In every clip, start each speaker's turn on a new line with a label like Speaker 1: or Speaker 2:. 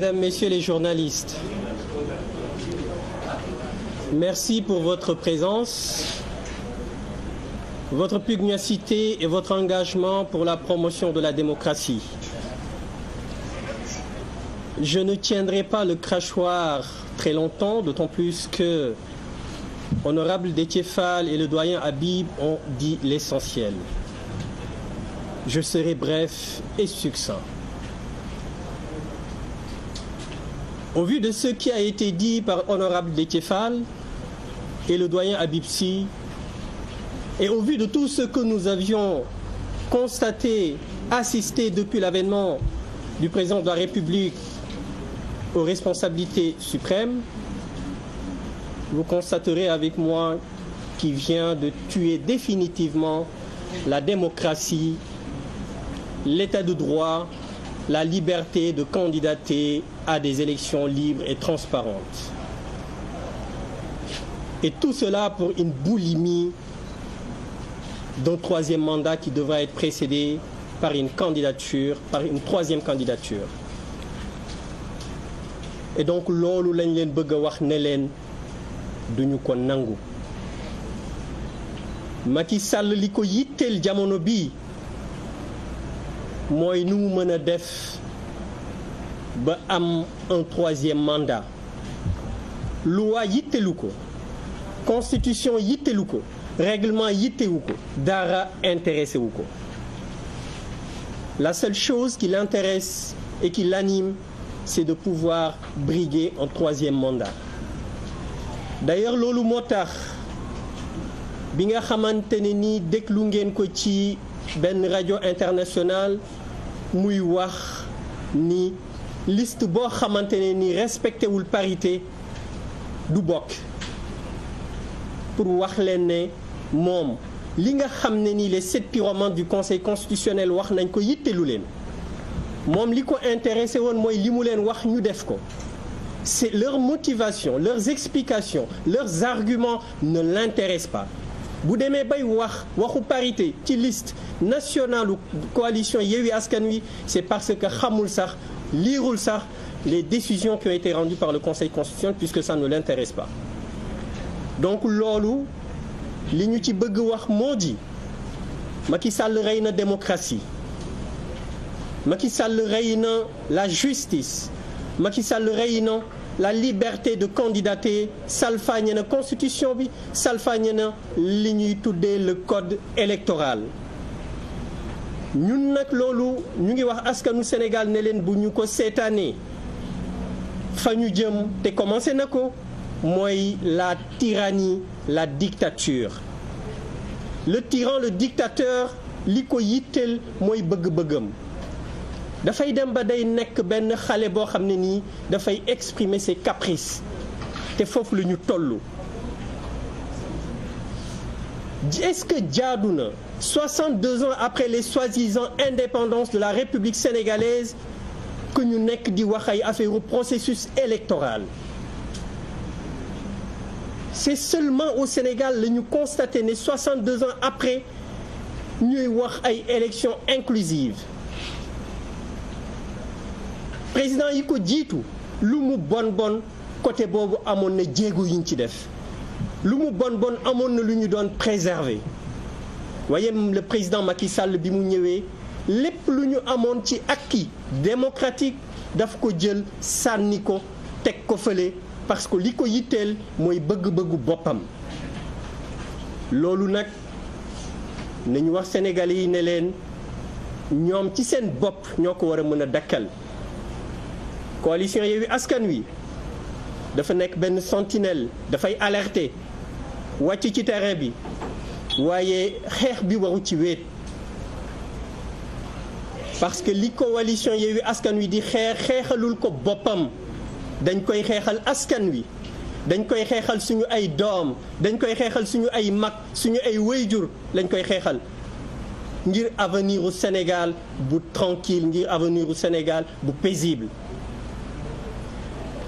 Speaker 1: Mesdames, Messieurs les journalistes, merci pour votre présence, votre pugnacité et votre engagement pour la promotion de la démocratie. Je ne tiendrai pas le crachoir très longtemps, d'autant plus que Honorable Détiéphal et le doyen Habib ont dit l'essentiel. Je serai bref et succinct. Au vu de ce qui a été dit par l'honorable Dekefal et le doyen Abipsi, et au vu de tout ce que nous avions constaté, assisté depuis l'avènement du président de la République aux responsabilités suprêmes, vous constaterez avec moi qu'il vient de tuer définitivement la démocratie, l'état de droit la liberté de candidater à des élections libres et transparentes. Et tout cela pour une boulimie d'un troisième mandat qui devra être précédé par une candidature, par une troisième candidature. Et donc loolu lañ leen bëgg wax moi nous bah, mu un troisième mandat loi yittelu constitution yittelu règlement yittewu dara intéressé la seule chose qui l'intéresse et qui l'anime c'est de pouvoir briguer un troisième mandat d'ailleurs lolo motax binga bi nga ben radio internationale muy wax ni liste bo xamantene qui ni respecté wul parité du bok pour wax que ne li nga ni les sept pyromanes du conseil constitutionnel wax nañ ko yitté lu moom mom liko intéressé won moy li mu wax ñu def ko c'est leur motivation leurs explications leurs arguments ne l'intéressent pas bu demee bay wax waxu parité ci liste nationale coalition yewi Askan Wi c'est parce que xamul sax sax les décisions qui ont été rendues par le Conseil constitutionnel puisque ça ne l'intéresse pas donc lolu li ñu ci bëgg wax modi Macky Sall démocratie Macky Sall la justice la liberté de candidater c'est la constitution bi salfaañe une le code électoral Nous, nag loolu nous ngi wax askanu Sénégal ne leen bu ñu nous fa jëm commencé na la tyrannie la dictature le tyran le dictateur ce qui est le plus important dafay dem ba ne dafay exprimer ses caprices te que nous ñu toll est-ce que 62 ans après les soi-disant indépendances de la République sénégalaise que ñu nekk di wax ay processus électoral c'est seulement au Sénégal que nous constatons ne 62 ans après ñuy wax ay élection inclusive. président yi ko jiitu lu mu bon bon côté boobu amoon na jéego yuñ ci def lu mu bon bon amoon na lu ñu doon préserver waaye le président Macky Sall bi mu ñëwee lépp lu ñu amoon ci acquis démocratique daf ko jël sànni ko teg ko fële parce que li ko yitteel mooy bëgg-bëggu boppam loolu nag nañu wax sénégalais yi ne leen ñoom ci seen bopp ñoo ko war a mën a dakkal coalition est Askan Wi dafa sentinelle fay alerter ci terrain bi bi waru ci parce que la coalition Yewwi Askan Wi di ko bopam koy askan wi koy suñu ay koy suñu ay suñu ay lañ koy ngir avenir au Sénégal bu tranquille ngir avenir au Sénégal bu paisible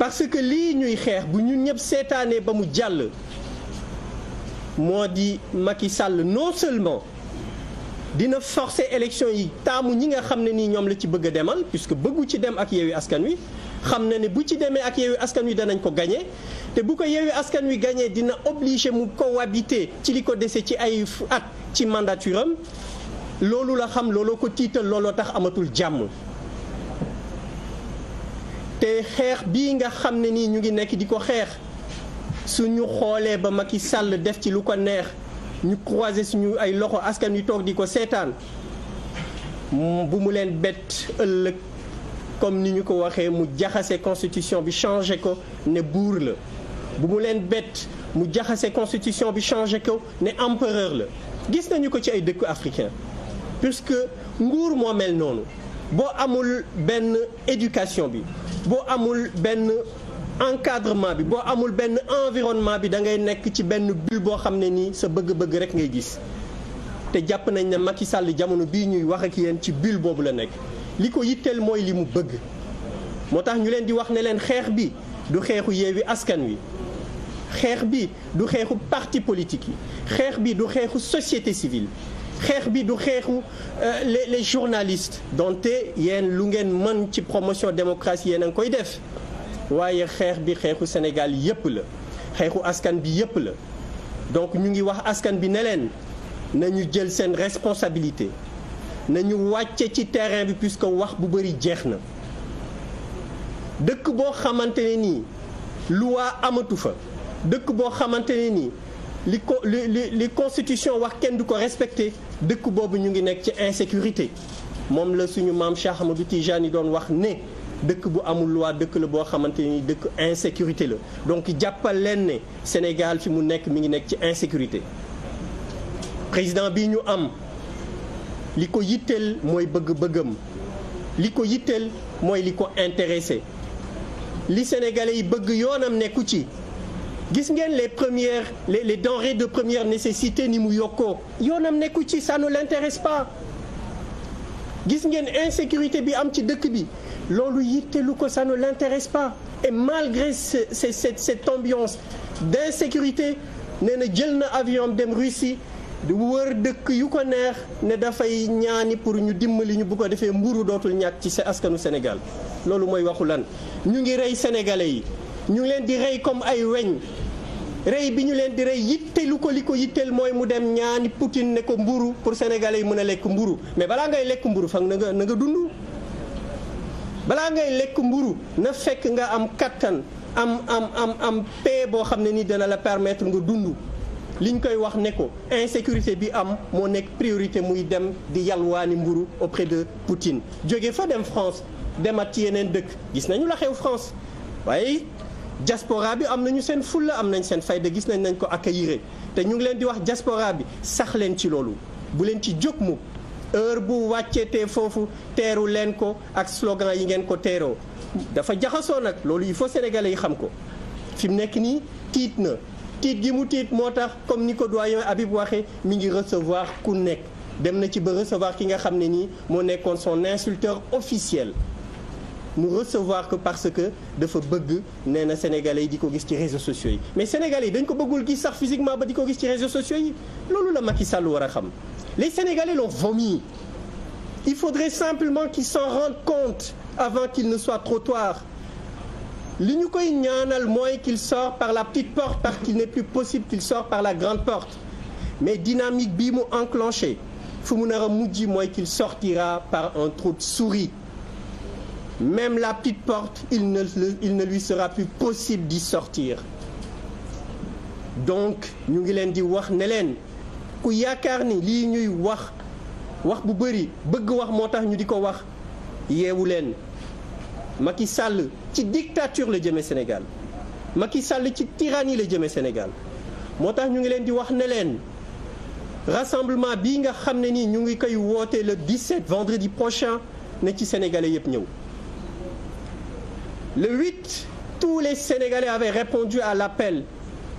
Speaker 1: parce que li ñuy nous bu ñun ñep sétané ba mu jall moi, je Macky Sall non seulement dina forcer élection yi ñi nga ne ñom la ci bëgg puisque bëggu ci dem ak Yewwi Askan Wi xam bu ci démé ak Askan Wi danañ ko gagner. té bu ko eu Askan Wi gagner dina à mu cohabiter ci liko ci ay at ci mandature lolu la xam ko tax amatul te xeex bii nga xam ne nii ñu ngi nekk di ko suñu xoolee ba Macky Sall def ci lu ko neex ñu croiser suñu ay loxo askan wi toog di ko seetaan bu mu leen bett comme ni ñu ko waxee mu jaxase constitution bi changé ko ne bourle. la bu mu leen mu jaxase constitution bi changé ko ne empereur la gis nañu ko ci ay dëkku africain puisque nguur moo mel noonu boo amul benn éducation bi vous amul ben encadrement bi vous amul ben environnement bi da ngay nek ci ben bo xamné ni sa bëgg-bëgg rek ngay gis nañ Macky Sall jamono ñuy wax bulle la di wax du du parti politique yi du société civile xeex bi du xeexu euh, les les journalistes donté yéen lu ngeen man ci promotion démocratie yéen a koy def waye xeex bi xeexu Sénégal yépp la xeexu askan bi yépp la donc ñu ngi wax askan bi ne nañu jël sen responsabilité nañu wàcce ci terrain bi puisque wax bu bari jeex na dëkk boo xamante ne nii loi amatu fa dëkk boo xamante ne nii li constitutions, li li li constitution wax du ko respecté de boobu ñu ngi nekk ci insécurité mom le suñu maam Cheikh amadou tijani yi doon wax né dëkk bu amul loi dëkk le bo xamanteni dëkk insécurité le. donc jappal leen ne Sénégal fi mu nekk mi ngi nekk ci insécurité président bi ñu am li ko yitteel mooy bëgg-bëggam li ko yitteel mooy li ko intéressé li Sénégalais yi bëgg yonam nekku ci gis ngeen les premières les, les denrées de première nécessité ni mu yokko yonam ci ça ne l'intéresse pas gis ngeen insécurité bi am ci dëkk bi loolu yittelu ko ça ne l'intéresse pas et malgré ce, cette, cette ambiance d'insécurité nee na na avion dem Russie wër dëkk yu ko neex ne dafay ñaani pour ñu dimbali ñu bu ko defee mburu dootul ñàkk ci askanu Sénégal loolu mooy waxu lan ñu ngi rey sénégalais yi ñu ngi leen di rey comme ay weñ rey gens ñu leen di rey yittelu ko li Poutine ne ko mburu pour sénégalais yi mën mais balaa ngay lekk mburu fang nga nga dund balaa ngay lekk mburu na fekk nga am am am am am paix boo ne ni la permettre nga insécurité bi am priorité muy dem di auprès de Poutine jóge fa dem France demat ci yeneen dëkk la France diaspora bi am nañu seen fulla am nañ seen fayda gis nañ nañ ko ak accueillir te ñu ngi leen di wax diaspora bi sax leen ci loolu bu leen ci jóg mu heure bu wàccetee foofu teeru leen ko ak slogan yi ngeen ko teeroo dafa jaxasoo nag loolu yi faut sénégalais yi xam ko fi mu nekk nii tiit na tiit gi mu tiit moo tax comme ni ko doyen Habib waxe mi ngi recevoir ku nekk dem na ci ba recevoir ki nga xam ne nii moo nekkoon son insulteur officiel nous recevoir que parce que de bëgg nee sénégalais qui di réseaux sociaux Mais mais sénégalais si coup, ko bëggul physiquement ba di les réseaux sociaux yi la Macky Sall les sénégalais l'ont vomi il faudrait simplement qu'ils s'en rendent compte avant qu'ils ne soit trop tard li ñu koy ñaanal qu'il sort par la petite porte parce qu'il n'est plus possible qu'il sort par la grande porte mais dynamique est enclenché fu mu nar qu'il sortira par un trou de souris même la petite porte, il ne, lui sera plus possible d'y sortir. donc nous avons dit di ku nous ni ñuy wax wax bu bëgg wax ñu wax dictature le Sénégal Sall ci tyrannie le Sénégal ñu ngi rassemblement bi nga le 17 vendredi prochain né sénégalais le 8, tous les Sénégalais avaient répondu à l'appel.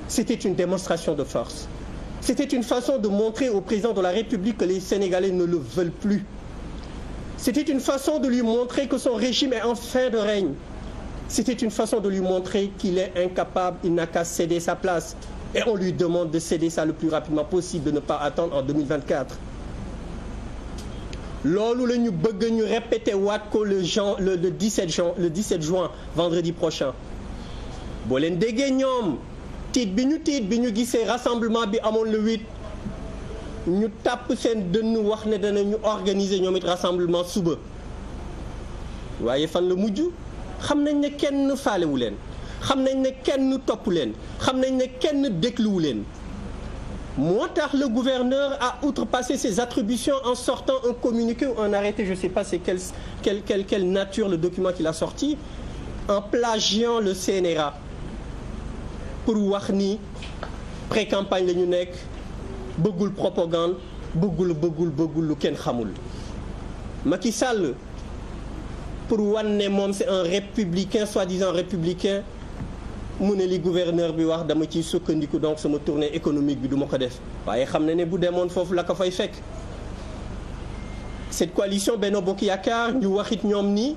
Speaker 1: C'était une démonstration de force. C'était une façon de montrer au président de la République que les Sénégalais ne le veulent plus. C'était une façon de lui montrer que son régime est en fin de règne. C'était une façon de lui montrer qu'il est incapable, il n'a qu'à céder sa place. Et on lui demande de céder ça le plus rapidement possible, de ne pas attendre en 2024 loolu la ñu bëgg ñu répété waat ko le jan le le 17 juin le 17 juin vendredi prochain boo leen déggee ñoom tiit bi ñu tiit bi ñu rassemblement bi amon le 8 ñu tàpp de nous wax ne nous organiser nous mettre rassemblement suba waaye fan la mujj xam nañ ne kenn nous leen xam nañ ne kenn topp leen xam nañ ne kenn dégluwu leen. Moins le gouverneur a outrepassé ses attributions en sortant un communiqué ou un arrêté, je ne sais pas c'est quelle, nature le document qu'il a sorti, en plagiant le CNRA pour wax pré-campagne de Nunec, propagande bëggul bogoul, bëggul lu Ken xamul pour wan c'est un républicain soi-disant républicain mu ne li gouverneur bi wax dama ci sukkandiku donc sama tournée économique bi du ko def waye xamna na ne bu demoon fofu la ka fay fekk cette coalition Benno Bokk Yaakaar ñu waxit ñom ni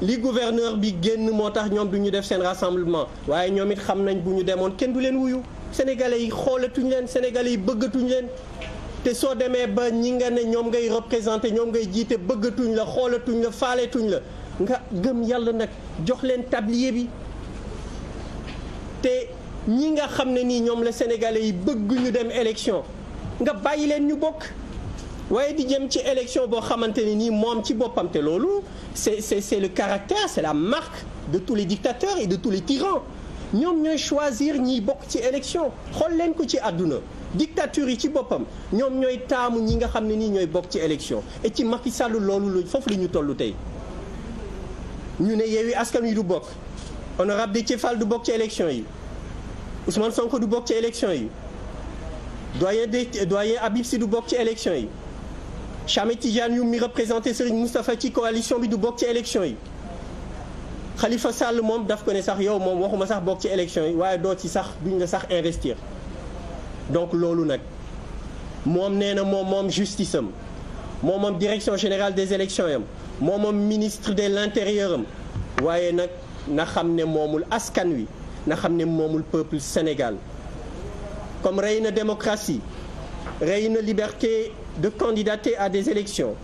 Speaker 1: li gouverneur bi génn motax ñom duñu def sen rassemblement waye ñom it xamnañ bu ñu demoon kenn du leen wuyu sénégalais yi xolatuñ leen sénégalais yi bëggatuñ leen té so démé ba ñi nga ne ñoom ngay représenter ñom ngay jité bëggatuñ la xolatuñ la faaletuñ la nga gëm yalla nak jox leen tablier bi te ñi nga xamné ni ñom ñoom la sénégalais yi bëgg ñu dem élection nga bàyyi leen ñu bok waaye di jëm ci élection bo xamante ni mom ci bopam té lolu c'est c'est le caractère c'est la marque de tous les dictateurs et de tous les tyrans ñom ñoy choisir ñi bok ci élection xol leen ko ci aduna dictature yi ci bopam ñom ñoy taamu ñi nga xamné ni ñoy bok ci élection et ci Macky Sall lolu fofu li ñu tollu tay ñu ne Askan yi du bok honorable Déthié Fall du bokk ci élection yi Ousmane Sonko du bokk ci élection yi doyen de doyen Habib Sy du bokk ci élection yi Chamet Tidiane mi représenté Serigne Moustapha ci coalition bi du bokk ci élection yi Khalifa Sall mom daf ko ne sax yow mom waxuma sax bokk ci élection yi waye do ci sax sax investir donc lolu nak mom néna mom mom justice am moom moom direction générale des élections yam mom mom ministre de l'intérieur am waye nak na xamné momul askan wi na xamné momul peuple Sénégal comme reine démocratie reine liberté de candidater à des élections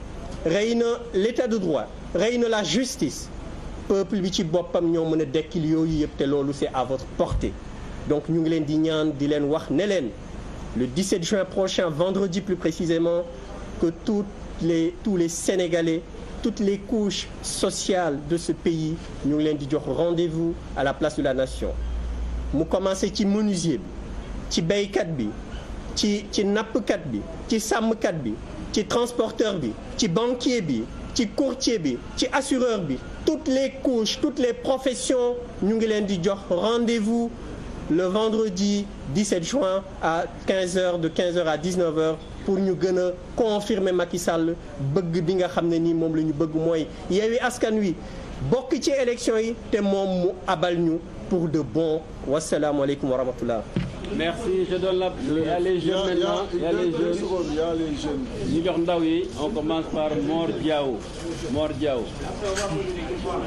Speaker 1: reine l'état de droit reine la justice peuple bi ci boppam ñoo mën a dekkil yooyu yëpp te c'est à votre portée donc ñu ngi leen di ñaan di leen wax ne leen le 17 juin prochain vendredi plus précisément que toutes les tous les Sénégalais toutes les couches sociales de ce pays nous ngi rendez-vous à la place de la nation Nous commençons qui menuisier qui ci bi ci ci napkat bi ci samkat bi transporteur bi qui banquier bi courtier bi assureur toutes les couches toutes les professions nous ngi rendez-vous le vendredi 17 juin à 15h de 15h à 19h pour nous gën confirmer Macky Sall bëgg bi nga xamné ni mom lañu bëgg moy Yewwi Askan Wi bokk ci élection yi té mom mu abal ñu pour de bon wasalaamualeykum wa rahmatullah merci je donne la il y a les jeunes maintenant il y a les jeunes ñu ndaw yi on commence par Mor Diaw